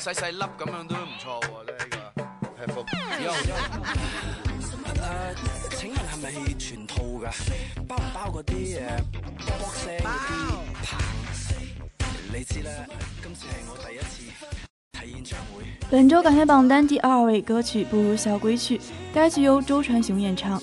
細細粒咁樣都唔錯喎，哦，呢，這個。誒、 啊啊、請問係咪全套㗎？包唔包嗰啲誒啲？你知啦，今次係我第一次睇演唱會。本周港台榜單第二位歌曲，部小曲《不如笑鬼去》，該曲由周傳雄演唱。